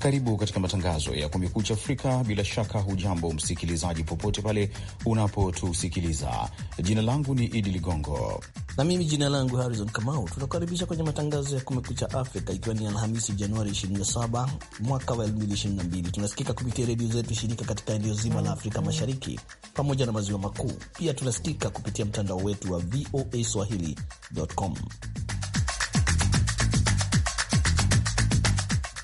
Karibu katika matangazo ya Kumekucha Afrika. Bila shaka, hujambo msikilizaji, popote pale unapotusikiliza. Jina langu ni Idi Ligongo na mimi jina langu Harrison Kamau. Tunakaribisha kwenye matangazo ya Kumekucha Afrika, ikiwa ni Alhamisi Januari 27 mwaka wa 2022. Tunasikika kupitia redio zetu shirika katika eneo zima la Afrika Mashariki pamoja na maziwa makuu. Pia tunasikika kupitia mtandao wetu wa voa swahili.com.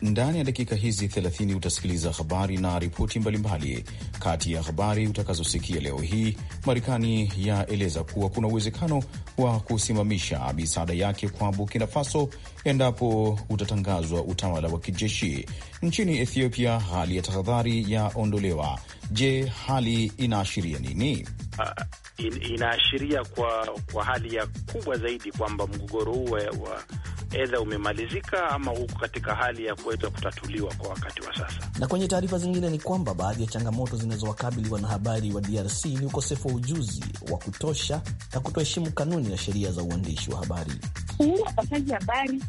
Ndani ya dakika hizi 30 utasikiliza habari na ripoti mbalimbali. Kati ya habari utakazosikia leo hii, Marekani yaeleza kuwa kuna uwezekano wa kusimamisha misaada yake kwa Burkina Faso endapo utatangazwa utawala wa kijeshi nchini Ethiopia. Hali ya tahadhari yaondolewa Je, hali inaashiria nini? Uh, in, inaashiria kwa kwa hali ya kubwa zaidi kwamba mgogoro huu wa edha umemalizika ama huko katika hali ya kuweza kutatuliwa kwa wakati wa sasa. Na kwenye taarifa zingine ni kwamba baadhi ya changamoto zinazowakabili wanahabari wa DRC ni ukosefu wa ujuzi wa kutosha na kutoheshimu kanuni na sheria za uandishi wa habari. Huu habari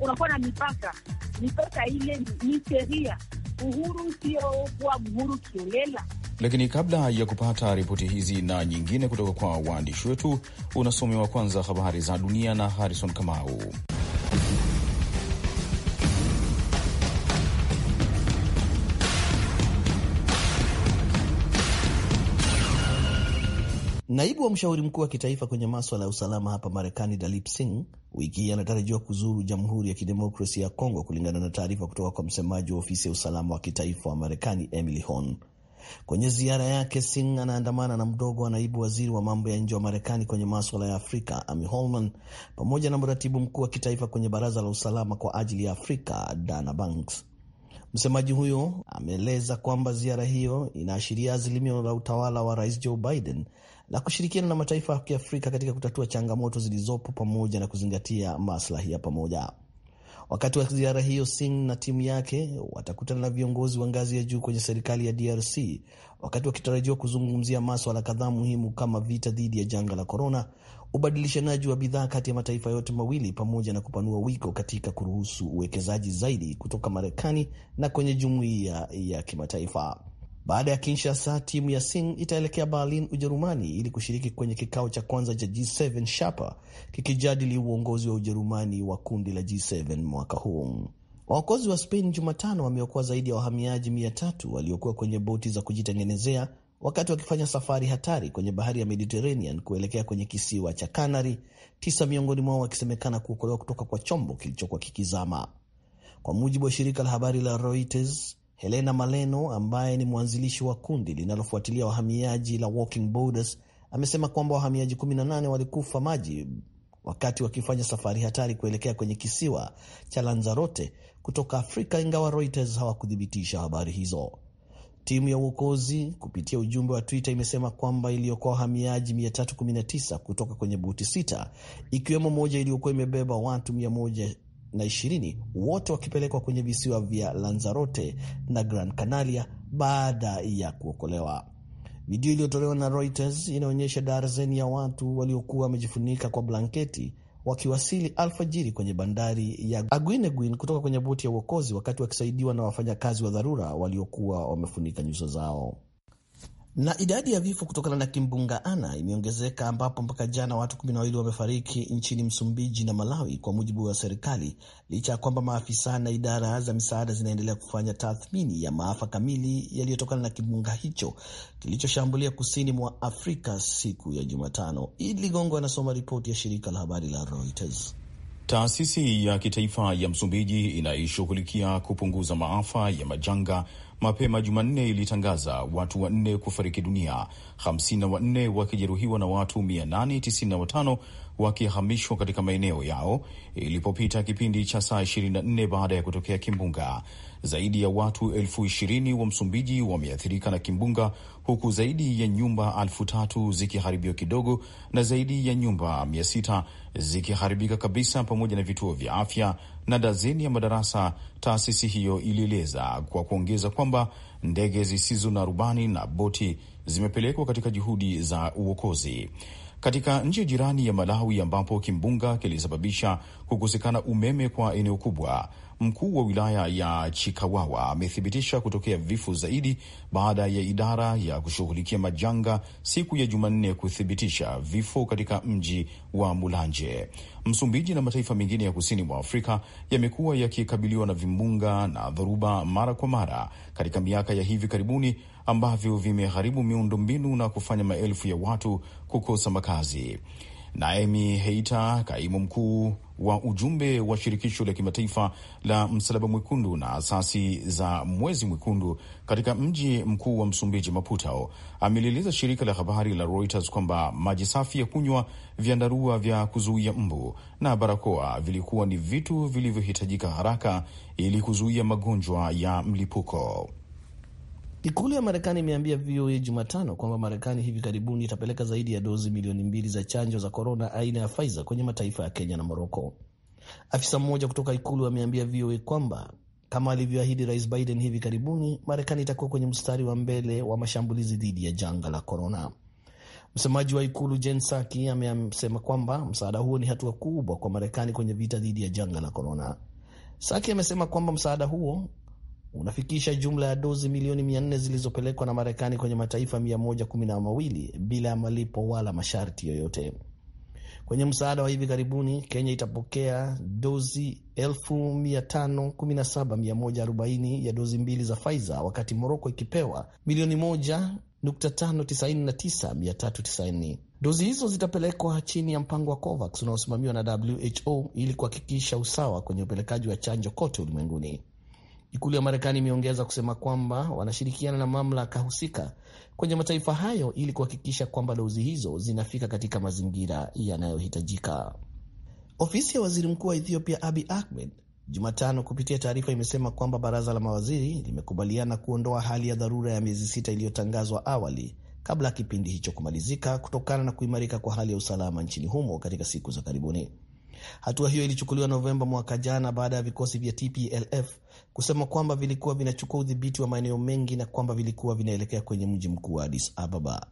unakuwa na mipaka, mipaka ile ni sheria. Uhuru sio kuwa mhuru kiolela lakini kabla ya kupata ripoti hizi na nyingine kutoka kwa waandishi wetu, unasomewa kwanza habari za dunia na Harrison Kamau. Naibu wa mshauri mkuu wa kitaifa kwenye maswala ya usalama hapa Marekani, Dalip Singh, wiki hii anatarajiwa kuzuru Jamhuri ya Kidemokrasia ya Kongo, kulingana na taarifa kutoka kwa msemaji wa ofisi ya usalama wa kitaifa wa Marekani, Emily Horn. Kwenye ziara yake, Singh anaandamana na mdogo wa naibu waziri wa mambo ya nje wa Marekani kwenye maswala ya Afrika Amy Holman pamoja na mratibu mkuu wa kitaifa kwenye Baraza la Usalama kwa ajili ya Afrika Dana Banks. Msemaji huyo ameeleza kwamba ziara hiyo inaashiria azimio la utawala wa Rais Joe Biden la kushirikiana na mataifa ya Kiafrika katika kutatua changamoto zilizopo pamoja na kuzingatia maslahi ya pamoja. Wakati wa ziara hiyo, Singh na timu yake watakutana na viongozi wa ngazi ya juu kwenye serikali ya DRC wakati wakitarajiwa kuzungumzia maswala kadhaa muhimu kama vita dhidi ya janga la korona, ubadilishanaji wa bidhaa kati ya mataifa yote mawili, pamoja na kupanua wiko katika kuruhusu uwekezaji zaidi kutoka Marekani na kwenye jumuiya ya kimataifa. Baada ya Kinshasa, timu ya Singh itaelekea Berlin, Ujerumani, ili kushiriki kwenye kikao cha kwanza cha G7 Sharpa kikijadili uongozi wa Ujerumani wa kundi la G7 mwaka huu. Waokozi wa Spain Jumatano wameokoa zaidi ya wahamiaji mia tatu waliokuwa kwenye boti za kujitengenezea wakati wakifanya safari hatari kwenye bahari ya Mediterranean kuelekea kwenye kisiwa cha Canary, tisa miongoni mwao wakisemekana kuokolewa kutoka kwa chombo kilichokuwa kikizama, kwa mujibu wa shirika la habari la Reuters. Helena Maleno ambaye ni mwanzilishi wa kundi linalofuatilia wahamiaji la Walking Borders amesema kwamba wahamiaji 18 walikufa maji wakati wakifanya safari hatari kuelekea kwenye kisiwa cha Lanzarote kutoka Afrika, ingawa Reuters hawakuthibitisha habari hizo. Timu ya uokozi kupitia ujumbe wa Twitter imesema kwamba iliokoa wahamiaji 319 kutoka kwenye boti sita, ikiwemo moja iliyokuwa imebeba watu na ishirini wote wakipelekwa kwenye visiwa vya Lanzarote na Gran Canaria baada ya kuokolewa. Video iliyotolewa na Reuters inaonyesha darzeni ya watu waliokuwa wamejifunika kwa blanketi wakiwasili alfajiri kwenye bandari ya Aguineguin kutoka kwenye boti ya uokozi, wakati wakisaidiwa na wafanyakazi wa dharura waliokuwa wamefunika nyuso zao na idadi ya vifo kutokana na kimbunga Ana imeongezeka ambapo mpaka jana watu kumi na wawili wamefariki nchini Msumbiji na Malawi, kwa mujibu wa serikali, licha ya kwamba maafisa na idara za misaada zinaendelea kufanya tathmini ya maafa kamili yaliyotokana na kimbunga hicho kilichoshambulia kusini mwa Afrika siku ya Jumatano. Idi Ligongo anasoma ripoti ya shirika la habari la Reuters. Taasisi ya kitaifa ya Msumbiji inaishughulikia kupunguza maafa ya majanga mapema Jumanne ilitangaza watu wanne kufariki dunia, 54 wakijeruhiwa na watu 895 wakihamishwa katika maeneo yao ilipopita kipindi cha saa 24 baada ya kutokea kimbunga. Zaidi ya watu elfu ishirini wa Msumbiji wameathirika na kimbunga huku zaidi ya nyumba elfu tatu zikiharibiwa kidogo na zaidi ya nyumba mia sita zikiharibika kabisa pamoja na vituo vya afya na dazeni ya madarasa, taasisi hiyo ilieleza kwa kuongeza kwamba ndege zisizo na rubani na boti zimepelekwa katika juhudi za uokozi katika nchi jirani ya Malawi ambapo kimbunga kilisababisha kukosekana umeme kwa eneo kubwa. Mkuu wa wilaya ya Chikawawa amethibitisha kutokea vifo zaidi baada ya idara ya kushughulikia majanga siku ya Jumanne kuthibitisha vifo katika mji wa Mulanje. Msumbiji na mataifa mengine ya kusini mwa Afrika yamekuwa yakikabiliwa na vimbunga na dhoruba mara kwa mara katika miaka ya hivi karibuni ambavyo vimeharibu miundombinu na kufanya maelfu ya watu kukosa makazi. Naemi Heita, kaimu mkuu wa ujumbe wa shirikisho la kimataifa la Msalaba Mwekundu na asasi za Mwezi Mwekundu katika mji mkuu wa Msumbiji, Maputo, amelieleza shirika la habari la Reuters kwamba maji safi ya kunywa, vyandarua vya kuzuia mbu na barakoa vilikuwa ni vitu vilivyohitajika haraka ili kuzuia magonjwa ya mlipuko. Ikulu ya Marekani imeambia VOA Jumatano kwamba Marekani hivi karibuni itapeleka zaidi ya dozi milioni mbili za chanjo za korona aina ya Pfizer kwenye mataifa ya Kenya na Moroko. Afisa mmoja kutoka ikulu ameambia VOA kwamba kama alivyoahidi Rais Biden hivi karibuni, Marekani itakuwa kwenye mstari wa mbele wa mashambulizi dhidi ya janga la korona. Msemaji wa ikulu Jen Psaki amesema kwamba msaada huo ni hatua kubwa kwa Marekani kwenye vita dhidi ya janga la korona. Saki amesema kwamba msaada huo unafikisha jumla ya dozi milioni 400 zilizopelekwa na Marekani kwenye mataifa 112 bila ya malipo wala masharti yoyote. Kwenye msaada wa hivi karibuni, Kenya itapokea dozi 517140 ya dozi mbili za Pfizer, wakati Moroko ikipewa milioni 1,599,390. Dozi hizo zitapelekwa chini ya mpango wa COVAX unaosimamiwa na WHO ili kuhakikisha usawa kwenye upelekaji wa chanjo kote ulimwenguni. Ikulu ya Marekani imeongeza kusema kwamba wanashirikiana na mamlaka husika kwenye mataifa hayo ili kuhakikisha kwamba dozi hizo zinafika katika mazingira yanayohitajika. Ofisi ya waziri mkuu wa Ethiopia abi Ahmed Jumatano kupitia taarifa imesema kwamba baraza la mawaziri limekubaliana kuondoa hali ya dharura ya miezi sita iliyotangazwa awali kabla ya kipindi hicho kumalizika kutokana na kuimarika kwa hali ya usalama nchini humo katika siku za karibuni. Hatua hiyo ilichukuliwa Novemba mwaka jana baada ya vikosi vya TPLF kusema kwamba vilikuwa vinachukua udhibiti wa maeneo mengi na kwamba vilikuwa vinaelekea kwenye mji mkuu wa Addis Ababa.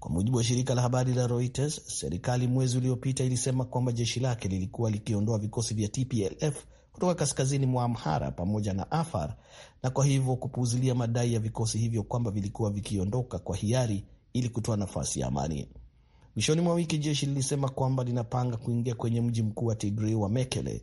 Kwa mujibu wa shirika la habari la Reuters, serikali mwezi uliopita ilisema kwamba jeshi lake lilikuwa likiondoa vikosi vya TPLF kutoka kaskazini mwa Amhara pamoja na Afar na kwa hivyo kupuuzilia madai ya vikosi hivyo kwamba vilikuwa vikiondoka kwa hiari ili kutoa nafasi ya amani. Mwishoni mwa wiki jeshi lilisema kwamba linapanga kuingia kwenye mji mkuu wa Tigray wa Mekele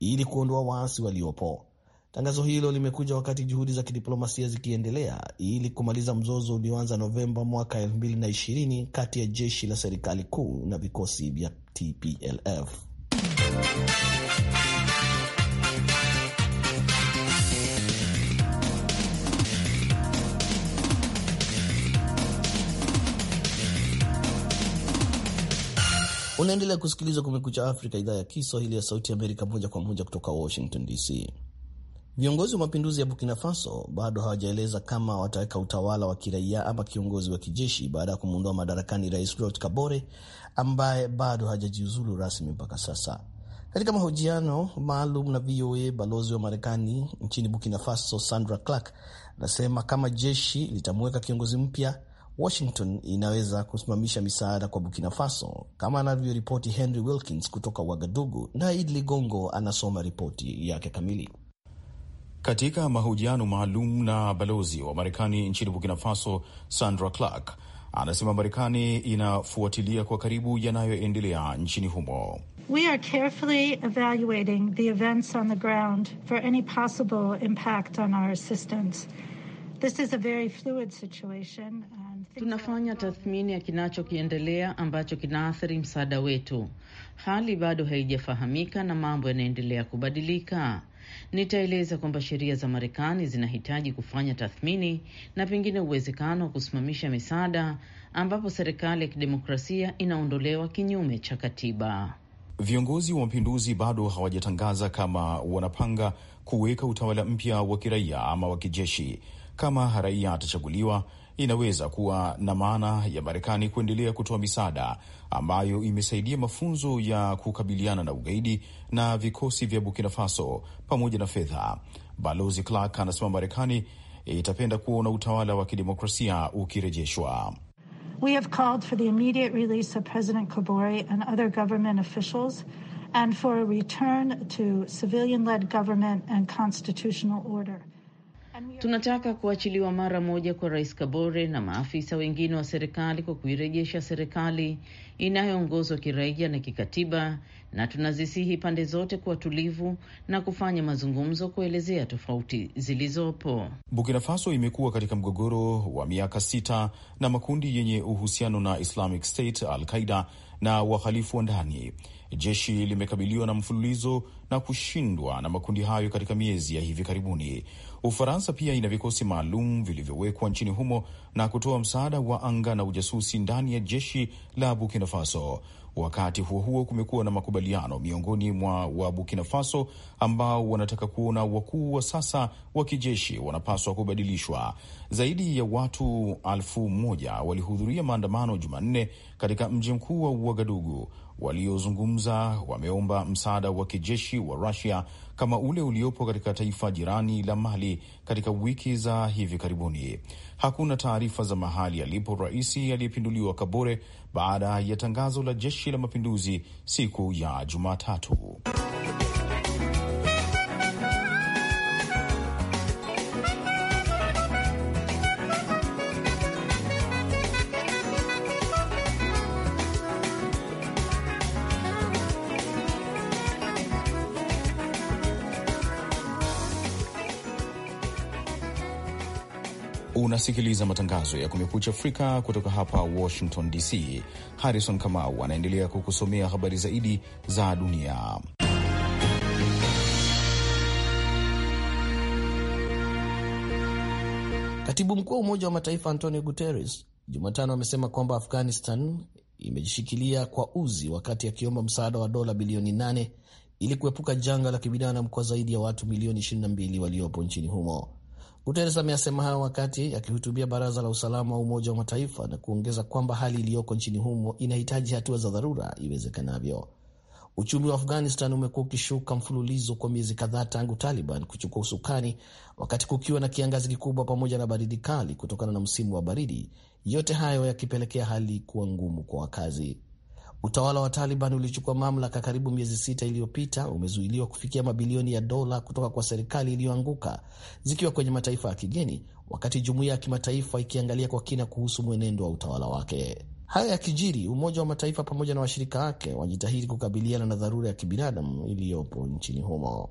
ili kuondoa waasi waliopo. Tangazo hilo limekuja wakati juhudi za kidiplomasia zikiendelea ili kumaliza mzozo ulioanza Novemba mwaka 2020 kati ya jeshi la serikali kuu na vikosi vya TPLF. Unaendelea kusikiliza Kumekucha Afrika, idhaa ya Kiswahili ya Sauti Amerika, moja kwa moja kutoka Washington DC. Viongozi wa mapinduzi ya Burkina Faso bado hawajaeleza kama wataweka utawala wa kiraia ama kiongozi wa kijeshi baada ya kumwondoa madarakani Rais Roch Kabore ambaye bado hajajiuzulu rasmi mpaka sasa. Katika mahojiano maalum na VOA, balozi wa Marekani nchini Burkina Faso Sandra Clark anasema kama jeshi litamuweka kiongozi mpya Washington inaweza kusimamisha misaada kwa Burkina Faso, kama anavyoripoti Henry Wilkins kutoka Wagadugu, na Idi Ligongo anasoma ripoti yake kamili. Katika mahojiano maalum na balozi wa Marekani nchini Burkina Faso, Sandra Clark anasema Marekani inafuatilia kwa karibu yanayoendelea nchini humo. We are carefully evaluating the events on the ground for any possible impact on our assistance. This is a very fluid situation tunafanya tathmini ya kinachokiendelea ambacho kinaathiri msaada wetu. Hali bado haijafahamika na mambo yanaendelea kubadilika. Nitaeleza kwamba sheria za Marekani zinahitaji kufanya tathmini na pengine uwezekano wa kusimamisha misaada ambapo serikali ya kidemokrasia inaondolewa kinyume cha katiba. Viongozi wa mapinduzi bado hawajatangaza kama wanapanga kuweka utawala mpya wa kiraia ama wa kijeshi kama raia atachaguliwa, inaweza kuwa na maana ya Marekani kuendelea kutoa misaada ambayo imesaidia mafunzo ya kukabiliana na ugaidi na vikosi vya Burkina Faso pamoja na fedha. Balozi Clark anasema Marekani itapenda kuona utawala wa kidemokrasia ukirejeshwa. We have called for the immediate release of President Kabore and other government officials and for a return to civilian-led government and constitutional order. Tunataka kuachiliwa mara moja kwa Rais Kabore na maafisa wengine wa serikali kwa kuirejesha serikali inayoongozwa kiraia na kikatiba, na tunazisihi pande zote kuwa tulivu na kufanya mazungumzo kuelezea tofauti zilizopo. Burkina Faso imekuwa katika mgogoro wa miaka sita na makundi yenye uhusiano na Islamic State, Al Qaida na wahalifu wa ndani. Jeshi limekabiliwa na mfululizo na kushindwa na makundi hayo katika miezi ya hivi karibuni. Ufaransa pia ina vikosi maalum vilivyowekwa nchini humo na kutoa msaada wa anga na ujasusi ndani ya jeshi la Burkina Faso. Wakati huo huo, kumekuwa na makubaliano miongoni mwa wa Burkina Faso ambao wanataka kuona wakuu wa sasa wa kijeshi wanapaswa kubadilishwa. Zaidi ya watu elfu moja walihudhuria maandamano Jumanne katika mji mkuu wa Uagadugu waliozungumza wameomba msaada wa kijeshi wa Rusia kama ule uliopo katika taifa jirani la Mali katika wiki za hivi karibuni. Hakuna taarifa za mahali alipo rais aliyepinduliwa Kabore baada ya tangazo la jeshi la mapinduzi siku ya Jumatatu. unasikiliza matangazo ya Kumekucha Afrika kutoka hapa Washington DC. Harrison Kamau anaendelea kukusomea habari zaidi za dunia. Katibu mkuu wa Umoja wa Mataifa Antonio Guterres Jumatano amesema kwamba Afghanistan imejishikilia kwa uzi wakati akiomba msaada wa dola bilioni 8 ili kuepuka janga la kibinadamu kwa zaidi ya watu milioni 22 waliopo nchini humo. Guteres ameyasema hayo wakati akihutubia Baraza la Usalama wa Umoja wa Mataifa na kuongeza kwamba hali iliyoko nchini humo inahitaji hatua za dharura iwezekanavyo. Uchumi wa Afghanistan umekuwa ukishuka mfululizo kwa miezi kadhaa tangu Taliban kuchukua usukani, wakati kukiwa na kiangazi kikubwa pamoja na baridi kali kutokana na msimu wa baridi, yote hayo yakipelekea hali kuwa ngumu kwa wakazi. Utawala wa Taliban ulichukua mamlaka karibu miezi sita iliyopita, umezuiliwa kufikia mabilioni ya dola kutoka kwa serikali iliyoanguka zikiwa kwenye mataifa ya kigeni, wakati jumuiya ya kimataifa ikiangalia kwa kina kuhusu mwenendo wa utawala wake. haya ya kijiri Umoja wa Mataifa pamoja na washirika wake wajitahidi kukabiliana na dharura ya kibinadamu iliyopo nchini humo.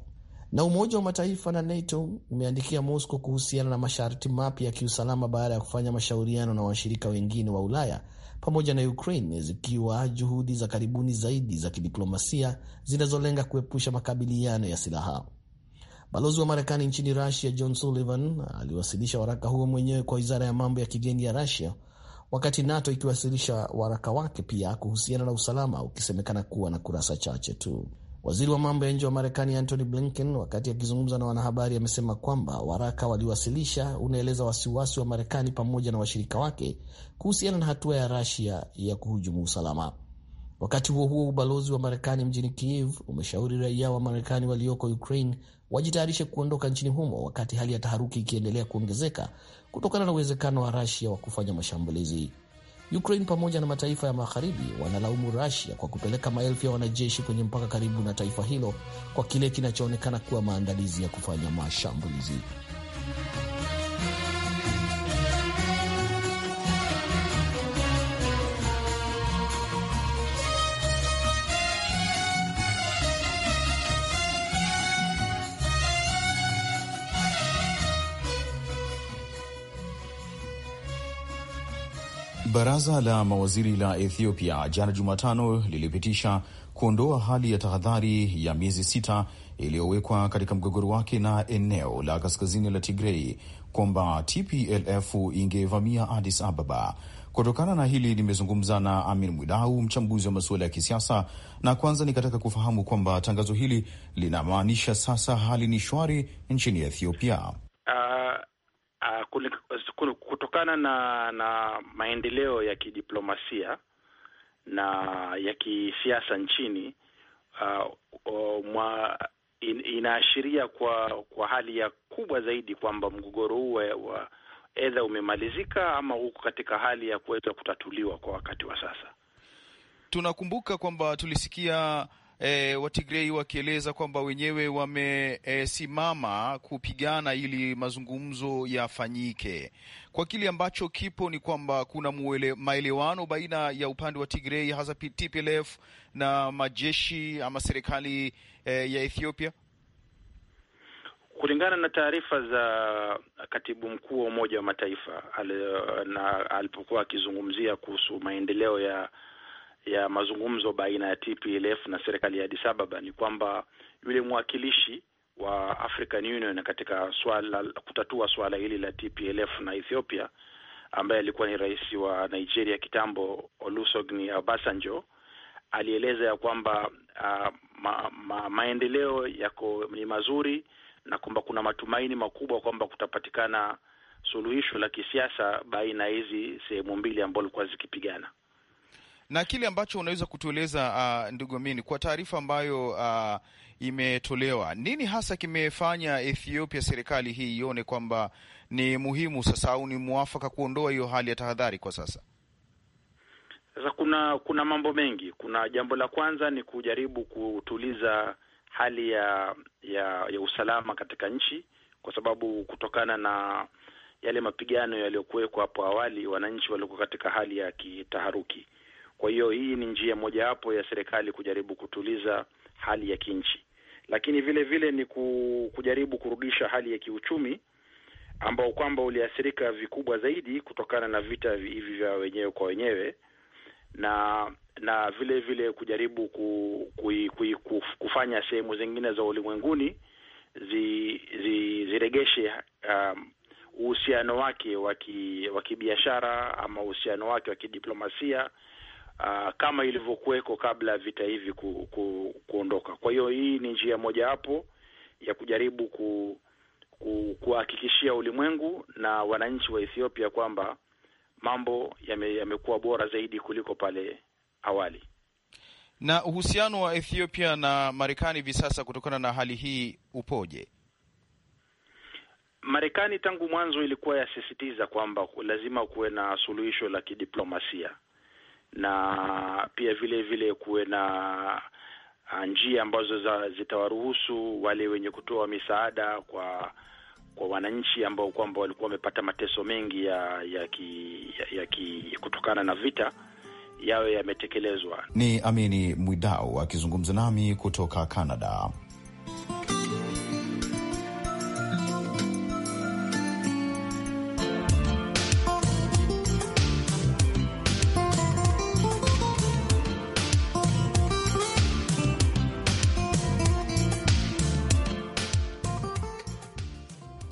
Na Umoja wa Mataifa na NATO umeandikia Moscow kuhusiana na masharti mapya ya kiusalama baada ya kufanya mashauriano na washirika wengine wa Ulaya pamoja na Ukraine zikiwa juhudi za karibuni zaidi za kidiplomasia zinazolenga kuepusha makabiliano ya silaha. Balozi wa Marekani nchini Rusia John Sullivan aliwasilisha waraka huo mwenyewe kwa wizara ya mambo ya kigeni ya Rusia, wakati NATO ikiwasilisha waraka wake pia kuhusiana na usalama, ukisemekana kuwa na kurasa chache tu. Waziri wa mambo ya nje wa Marekani Antony Blinken, wakati akizungumza na wanahabari, amesema kwamba waraka waliowasilisha unaeleza wasiwasi wa Marekani pamoja na washirika wake kuhusiana na hatua ya Rusia ya kuhujumu usalama. Wakati huo huo, ubalozi wa Marekani mjini Kiev umeshauri raia wa Marekani walioko Ukraine wajitayarishe kuondoka nchini humo, wakati hali ya taharuki ikiendelea kuongezeka kutokana na uwezekano wa Rusia wa kufanya mashambulizi. Ukraine pamoja na mataifa ya magharibi wanalaumu rasia kwa kupeleka maelfu ya wanajeshi kwenye mpaka karibu na taifa hilo kwa kile kinachoonekana kuwa maandalizi ya kufanya mashambulizi. Baraza la mawaziri la Ethiopia jana Jumatano lilipitisha kuondoa hali ya tahadhari ya miezi sita iliyowekwa katika mgogoro wake na eneo la kaskazini la Tigrei kwamba TPLF ingevamia Addis Ababa. Kutokana na hili nimezungumza na Amin Mwidau, mchambuzi wa masuala ya kisiasa, na kwanza nikataka kufahamu kwamba tangazo hili linamaanisha sasa hali ni shwari nchini Ethiopia. Uh, kutokana na na maendeleo ya kidiplomasia na ya kisiasa nchini uh, uh, mwa, in, inaashiria kwa kwa hali ya kubwa zaidi kwamba mgogoro huu wa edha umemalizika ama huko katika hali ya kuweza kutatuliwa kwa wakati wa sasa. Tunakumbuka kwamba tulisikia e, Watigrei wakieleza kwamba wenyewe wamesimama e, kupigana ili mazungumzo yafanyike. Kwa kile ambacho kipo ni kwamba kuna maelewano baina ya upande wa Tigrei hasa TPLF na majeshi ama serikali e, ya Ethiopia. Kulingana na taarifa za katibu mkuu wa Umoja wa Mataifa al, na alipokuwa akizungumzia kuhusu maendeleo ya ya mazungumzo baina ya TPLF na serikali ya Addis Ababa ni kwamba yule mwakilishi wa African Union katika swala kutatua swala hili la TPLF na Ethiopia ambaye alikuwa ni rais wa Nigeria kitambo Olusegun Obasanjo alieleza ya kwamba uh, ma, ma, maendeleo yako ni mazuri na kwamba kuna matumaini makubwa kwamba kutapatikana suluhisho la kisiasa baina ya hizi sehemu mbili ambazo zilikuwa zikipigana na kile ambacho unaweza kutueleza uh, ndugu Amini, kwa taarifa ambayo uh, imetolewa, nini hasa kimefanya Ethiopia serikali hii ione kwamba ni muhimu sasa au ni mwafaka kuondoa hiyo hali ya tahadhari kwa sasa? Sasa kuna kuna mambo mengi. Kuna jambo la kwanza ni kujaribu kutuliza hali ya ya, ya usalama katika nchi, kwa sababu kutokana na yale mapigano yaliyokuwekwa hapo awali, wananchi walikuwa katika hali ya kitaharuki. Kwa hiyo hii ni njia mojawapo ya serikali kujaribu kutuliza hali ya kinchi, lakini vile vile ni kujaribu kurudisha hali ya kiuchumi ambao kwamba uliathirika vikubwa zaidi kutokana na vita hivi vya wenyewe kwa wenyewe na na vile vile kujaribu ku, ku, ku, ku, kufanya sehemu zingine za ulimwenguni zi, zi, ziregeshe um, uhusiano wake wa kibiashara ama uhusiano wake wa kidiplomasia uh, kama ilivyokuweko kabla ya vita hivi ku, ku, kuondoka. Kwa hiyo hii ni njia mojawapo ya kujaribu ku, ku, kuhakikishia ulimwengu na wananchi wa Ethiopia kwamba mambo yamekuwa yame bora zaidi kuliko pale awali. Na uhusiano wa Ethiopia na Marekani hivi sasa kutokana na hali hii upoje? Marekani tangu mwanzo ilikuwa yasisitiza kwamba lazima kuwe na suluhisho la kidiplomasia na pia vile vile kuwe na ah, njia ambazo za zitawaruhusu wale wenye kutoa misaada kwa kwa wananchi ambao kwamba walikuwa wamepata mateso mengi ya ya, ki, ya, ya ki, kutokana na vita yawe yametekelezwa. Ni Amini Mwidau akizungumza nami kutoka Canada.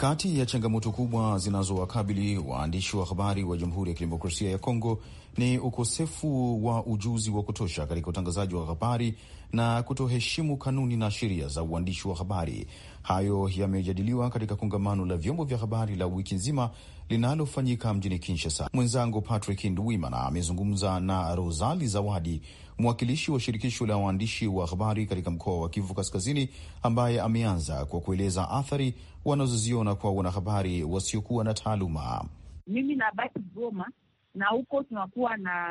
Kati ya changamoto kubwa zinazowakabili waandishi wa habari wa Jamhuri ya Kidemokrasia ya Kongo ni ukosefu wa ujuzi wa kutosha katika utangazaji wa habari na kutoheshimu kanuni na sheria za uandishi wa habari. Hayo yamejadiliwa katika kongamano la vyombo vya habari la wiki nzima linalofanyika mjini Kinshasa. Mwenzangu Patrick Nduwimana amezungumza na Rosali Zawadi, mwakilishi wa shirikisho la waandishi wa habari katika mkoa wa Kivu Kaskazini, ambaye ameanza kwa kueleza athari wanazoziona kwa wanahabari wasiokuwa na taaluma. Mimi nabaki Goma na huko tunakuwa na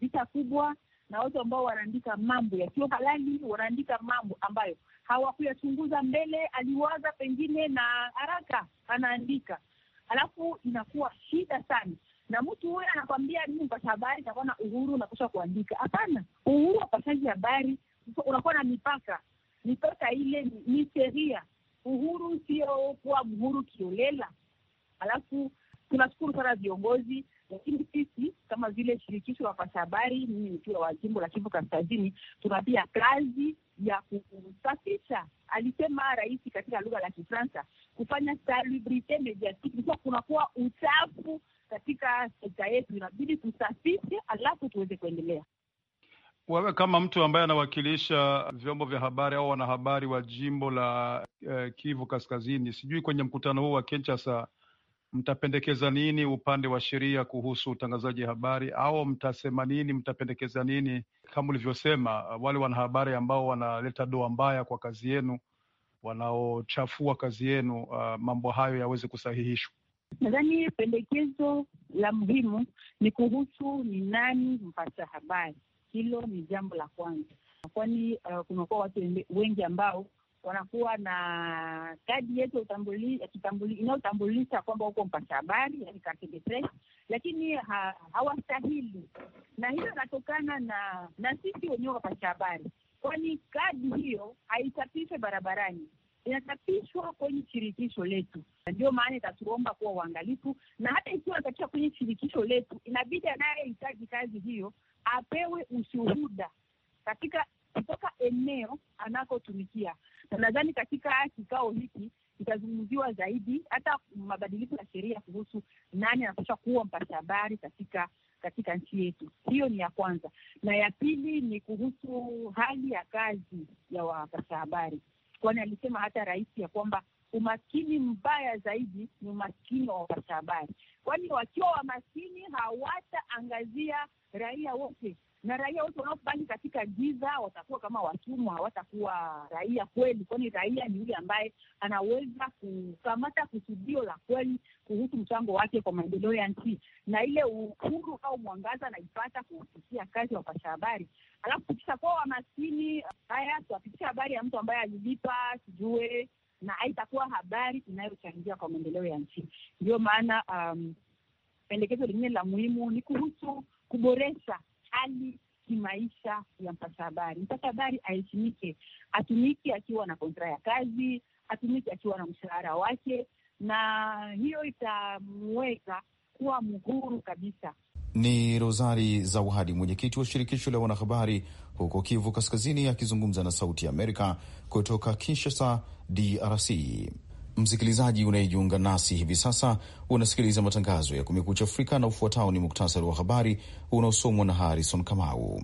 vita kubwa na watu ambao wanaandika mambo yasiyo halali, wanaandika mambo ambayo hawakuyachunguza mbele, aliwaza pengine na haraka anaandika, alafu inakuwa shida sana na mtu huyo anakwambia mimi mpasha habari takuwa na uhuru unapasha kuandika. Hapana, uhuru wa habari unakuwa na mipaka. Mipaka ile ni sheria. Uhuru sio kuwa uhuru kiolela. Alafu tunashukuru sana viongozi lakini sisi kama vile shirikisho la pasha habari, mimi nikiwa wa jimbo la Kivu Kaskazini, tuna pia kazi ya kusafisha, alisema rais katika lugha la Kifransa, kufanya salubrite mediatique, kunakuwa uchafu katika sekta yetu, inabidi tusafishe, alafu tuweze kuendelea. Wewe kama mtu ambaye anawakilisha vyombo vya habari au wanahabari wa jimbo la eh, Kivu Kaskazini, sijui kwenye mkutano huu wa Kinshasa mtapendekeza nini upande wa sheria kuhusu utangazaji habari, au mtasema nini, mtapendekeza nini? Kama ulivyosema, uh, wale wanahabari ambao wanaleta doa mbaya kwa kazi yenu, wanaochafua kazi yenu, uh, mambo hayo yaweze kusahihishwa. Nadhani pendekezo la muhimu ni kuhusu ni nani mpata habari. Hilo ni jambo la kwanza, kwani uh, kunakuwa watu wengi ambao wanakuwa na kadi yetu inayotambulisha kwamba huko mpasha habari, yani carte de presse, lakini ha, hawastahili na hiyo inatokana na na sisi wenyewe wapasha habari, kwani kadi hiyo haichapishwe barabarani, inachapishwa kwenye shirikisho letu. Ndio maana itatuomba kuwa uangalifu, na hata ikiwa inachapishwa kwenye shirikisho letu, inabidi anayehitaji kazi hiyo apewe ushuhuda katika kutoka eneo anakotumikia Nadhani katika kikao hiki itazungumziwa zaidi hata mabadiliko ya sheria kuhusu nani anapaswa kuwa mpasha habari katika katika nchi yetu. Hiyo ni ya kwanza, na ya pili ni kuhusu hali ya kazi ya wapasha habari, kwani alisema hata rais ya kwamba umaskini mbaya zaidi ni umaskini wa wapasha habari, kwani wakiwa wamaskini hawataangazia raia wote na raia wote wanaobaki katika giza watakuwa kama watumwa, hawatakuwa raia kweli, kwani raia ni yule ambaye anaweza kukamata kusudio la kweli kuhusu mchango wake kwa maendeleo ya nchi, na ile uhuru au mwangaza anaipata kupitia kazi wa wapasha habari. Alafu kuwa wamaskini, haya tuwapitisha habari ya mtu ambaye alilipa sijue, na haitakuwa habari inayochangia kwa maendeleo ya nchi. Ndiyo maana um, pendekezo lingine la muhimu ni kuhusu kuboresha hali kimaisha ya mpasha habari. Mpasha habari aheshimike, atumike akiwa na kontra ya kazi, atumike akiwa na mshahara wake, na hiyo itamweka kuwa mhuru kabisa. Ni Rosari Zawadi, mwenyekiti wa shirikisho la wanahabari huko Kivu Kaskazini, akizungumza na Sauti ya Amerika kutoka Kinshasa, DRC. Msikilizaji unayejiunga nasi hivi sasa, unasikiliza matangazo ya Kumekucha Afrika na ufuatao ni muktasari wa habari unaosomwa na Harrison Kamau.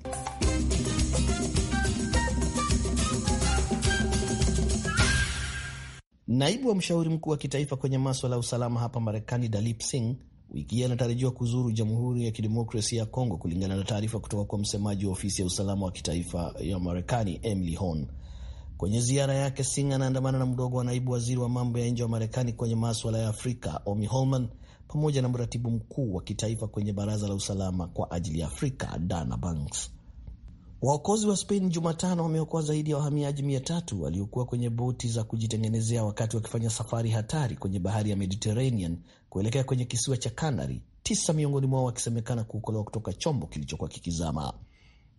Naibu wa mshauri mkuu wa kitaifa kwenye maswala ya usalama hapa Marekani, Dalip Singh, wiki hii anatarajiwa kuzuru Jamhuri ya Kidemokrasia ya Kongo, kulingana na taarifa kutoka kwa msemaji wa ofisi ya usalama wa kitaifa ya Marekani, Emily Horn. Kwenye ziara yake, Singh anaandamana na mdogo wa naibu waziri wa mambo ya nje wa Marekani kwenye maswala ya Afrika Omi Holman pamoja na mratibu mkuu wa kitaifa kwenye baraza la usalama kwa ajili ya Afrika Dana Banks. Waokozi wa Spain Jumatano wameokoa zaidi ya wahamiaji mia tatu waliokuwa kwenye boti za kujitengenezea wakati wakifanya safari hatari kwenye bahari ya Mediterranean kuelekea kwenye kisiwa cha Canary, tisa miongoni mwao wakisemekana kuokolewa kutoka chombo kilichokuwa kikizama,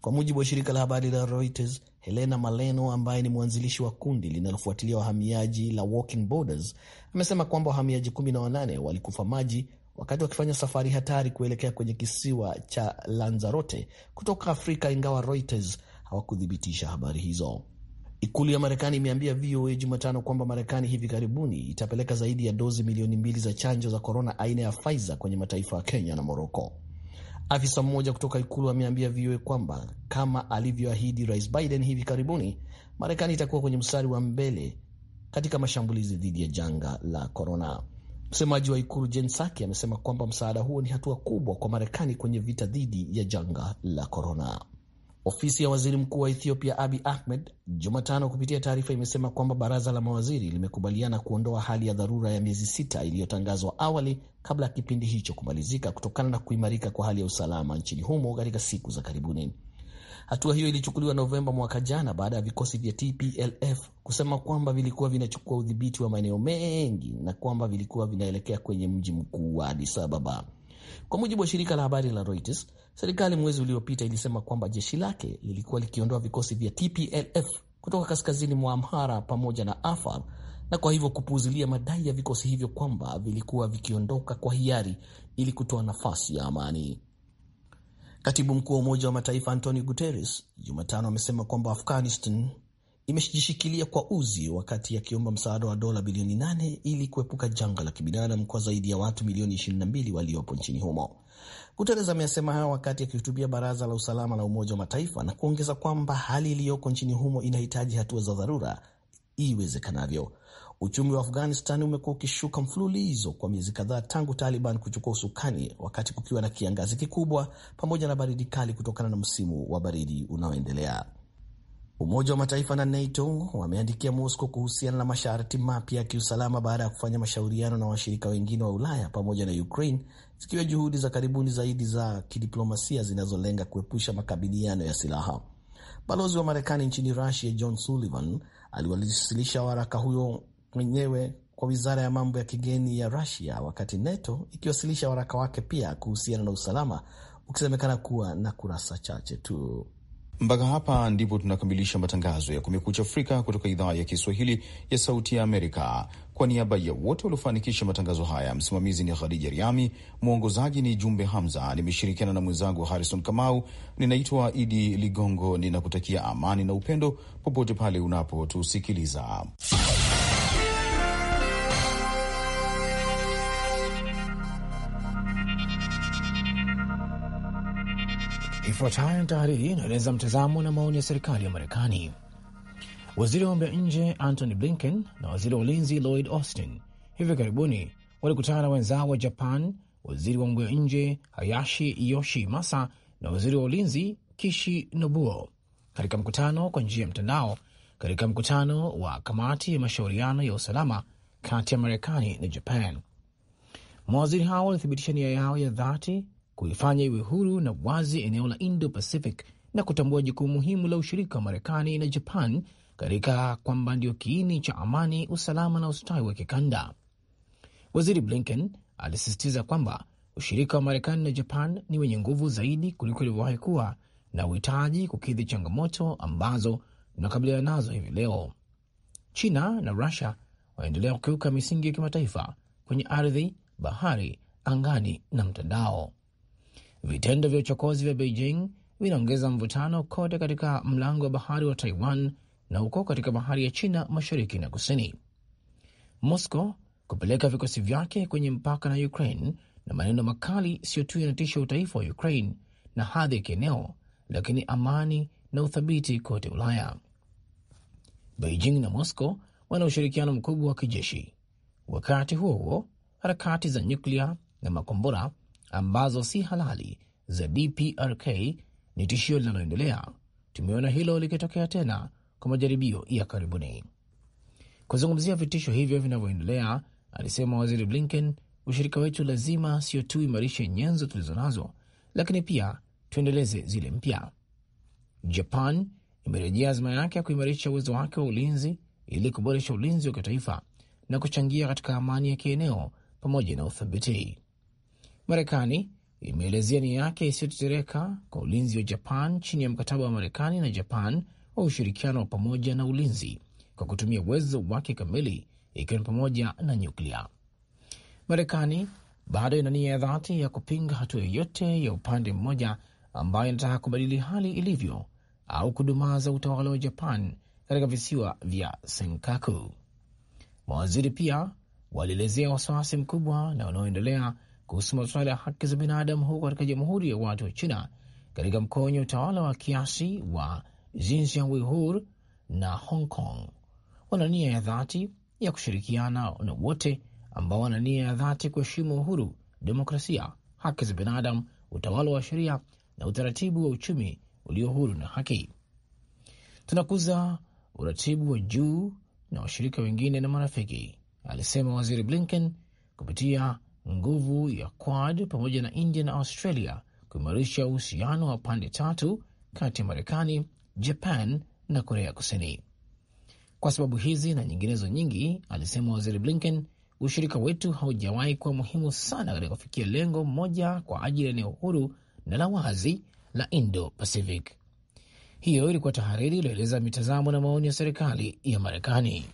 kwa mujibu wa shirika la habari la Reuters. Helena Maleno ambaye ni mwanzilishi wa kundi linalofuatilia wahamiaji la Walking Borders amesema kwamba wahamiaji 18 walikufa maji wakati wakifanya safari hatari kuelekea kwenye kisiwa cha Lanzarote kutoka Afrika, ingawa Reuters hawakuthibitisha habari hizo. Ikulu ya Marekani imeambia VOA Jumatano kwamba Marekani hivi karibuni itapeleka zaidi ya dozi milioni mbili za chanjo za korona aina ya Pfizer kwenye mataifa ya Kenya na Moroko. Afisa mmoja kutoka ikulu ameambia VOA kwamba kama alivyoahidi Rais Biden hivi karibuni, Marekani itakuwa kwenye mstari wa mbele katika mashambulizi dhidi ya janga la korona. Msemaji wa ikulu Jen Psaki amesema kwamba msaada huo ni hatua kubwa kwa Marekani kwenye vita dhidi ya janga la korona. Ofisi ya waziri mkuu wa Ethiopia Abi Ahmed Jumatano kupitia taarifa imesema kwamba baraza la mawaziri limekubaliana kuondoa hali ya dharura ya miezi sita iliyotangazwa awali kabla ya kipindi hicho kumalizika kutokana na kuimarika kwa hali ya usalama nchini humo katika siku za karibuni. Hatua hiyo ilichukuliwa Novemba mwaka jana baada ya vikosi vya TPLF kusema kwamba vilikuwa vinachukua udhibiti wa maeneo mengi na kwamba vilikuwa vinaelekea kwenye mji mkuu wa Addis Ababa. Kwa mujibu wa shirika la habari la Reuters, Serikali mwezi uliopita ilisema kwamba jeshi lake lilikuwa likiondoa vikosi vya TPLF kutoka kaskazini mwa Amhara pamoja na Afar na kwa hivyo kupuuzilia madai ya vikosi hivyo kwamba vilikuwa vikiondoka kwa hiari ili kutoa nafasi ya amani. Katibu mkuu wa Umoja wa Mataifa Antonio Guterres Jumatano amesema kwamba Afghanistan imejishikilia kwa uzi wakati akiomba msaada wa dola bilioni 8 ili kuepuka janga la kibinadamu kwa zaidi ya watu milioni 22 waliopo nchini humo. Guterres amesema hayo wakati akihutubia Baraza la Usalama la Umoja wa Mataifa na kuongeza kwamba hali iliyoko nchini humo inahitaji hatua za dharura iwezekanavyo. Uchumi wa Afghanistan umekuwa ukishuka mfululizo kwa miezi kadhaa tangu Taliban kuchukua usukani, wakati kukiwa na kiangazi kikubwa pamoja na baridi kali kutokana na msimu wa baridi unaoendelea. Umoja wa Mataifa na NATO wameandikia Moscow kuhusiana na masharti mapya ya kiusalama baada ya kufanya mashauriano na washirika wengine wa Ulaya pamoja na Ukraine zikiwa juhudi za karibuni zaidi za kidiplomasia zinazolenga kuepusha makabiliano ya silaha. Balozi wa Marekani nchini Rusia John Sullivan aliwasilisha waraka huyo mwenyewe kwa wizara ya mambo ya kigeni ya Rusia, wakati NATO ikiwasilisha waraka wake pia kuhusiana na usalama ukisemekana kuwa na kurasa chache tu. Mpaka hapa ndipo tunakamilisha matangazo ya Kumekucha Afrika kutoka idhaa ya Kiswahili ya Sauti ya Amerika. Kwa niaba ya wote waliofanikisha matangazo haya, msimamizi ni Khadija Riami, mwongozaji ni Jumbe Hamza, nimeshirikiana na mwenzangu Harrison Kamau. Ninaitwa Idi Ligongo, ninakutakia amani na upendo popote pale unapotusikiliza. Ifuatayo tahariri inaeleza mtazamo na maoni ya serikali ya Marekani. Waziri wa mambo ya nje Antony Blinken na waziri wa ulinzi Lloyd Austin hivi karibuni walikutana na wenzao wa Japan, waziri wa mambo ya nje Hayashi yoshi masa na waziri wa ulinzi Kishi Nobuo katika mkutano kwa njia ya mtandao, katika mkutano wa kamati ya mashauriano ya usalama kati ya Marekani na Japan. Mawaziri hao walithibitisha nia yao ya dhati kuifanya iwe huru na wazi eneo la Indo Pacific na kutambua jukumu muhimu la ushirika wa Marekani na Japan katika kwamba ndio kiini cha amani, usalama na ustawi wa kikanda. Waziri Blinken alisisitiza kwamba ushirika wa Marekani na Japan ni wenye nguvu zaidi kuliko ilivyowahi kuwa na uhitaji kukidhi changamoto ambazo tunakabiliana nazo hivi leo. China na Rusia waendelea kukiuka misingi ya kimataifa kwenye ardhi, bahari, angani na mtandao. Vitendo vya uchokozi vya Beijing vinaongeza mvutano kote katika mlango wa bahari wa Taiwan na huko katika bahari ya China mashariki na kusini. Moscow kupeleka vikosi vyake kwenye mpaka na Ukraine na maneno makali siyo tu yanatisha utaifa wa Ukraine na hadhi ya kieneo, lakini amani na uthabiti kote Ulaya. Beijing na Moscow wana ushirikiano mkubwa wa kijeshi. Wakati huo huo, harakati za nyuklia na makombora ambazo si halali za DPRK ni tishio linaloendelea. Tumeona hilo likitokea tena kwa majaribio ya karibuni. Kuzungumzia vitisho hivyo vinavyoendelea, alisema Waziri Blinken, ushirika wetu lazima sio tu imarishe nyenzo tulizo nazo, lakini pia tuendeleze zile mpya. Japan imerejea azma yake ya kuimarisha uwezo wake wa ulinzi ili kuboresha ulinzi wa kitaifa na kuchangia katika amani ya kieneo pamoja na uthabiti. Marekani imeelezea nia yake isiyotetereka kwa ulinzi wa Japan chini ya mkataba wa Marekani na Japan wa ushirikiano wa pamoja na ulinzi kwa kutumia uwezo wake kamili, ikiwa ni pamoja na nyuklia. Marekani bado ina nia ya dhati ya kupinga hatua yoyote ya upande mmoja ambayo inataka kubadili hali ilivyo au kudumaza utawala wa Japan katika visiwa vya Senkaku. Mawaziri pia walielezea wasiwasi mkubwa na unaoendelea kuhusu masuala ya haki za binadamu huko katika Jamhuri ya Watu wa China katika wenye utawala wa kiasi wa Xinjiang na Hong Kong. Wana nia ya dhati ya kushirikiana na wote ambao wana nia ya dhati kuheshimu uhuru, demokrasia, haki za binadamu, utawala wa sheria na utaratibu wa uchumi ulio huru na haki. Tunakuza uratibu wa juu na washirika wengine na marafiki, alisema Waziri Blinken, kupitia nguvu ya Quad pamoja na India na Australia kuimarisha uhusiano wa pande tatu kati ya Marekani, Japan na Korea Kusini. Kwa sababu hizi na nyinginezo nyingi, alisema Waziri Blinken, ushirika wetu haujawahi kuwa muhimu sana katika kufikia lengo moja kwa ajili ya eneo huru na la wazi la Indo Pacific. Hiyo ilikuwa tahariri iliyoeleza mitazamo na maoni ya serikali ya Marekani.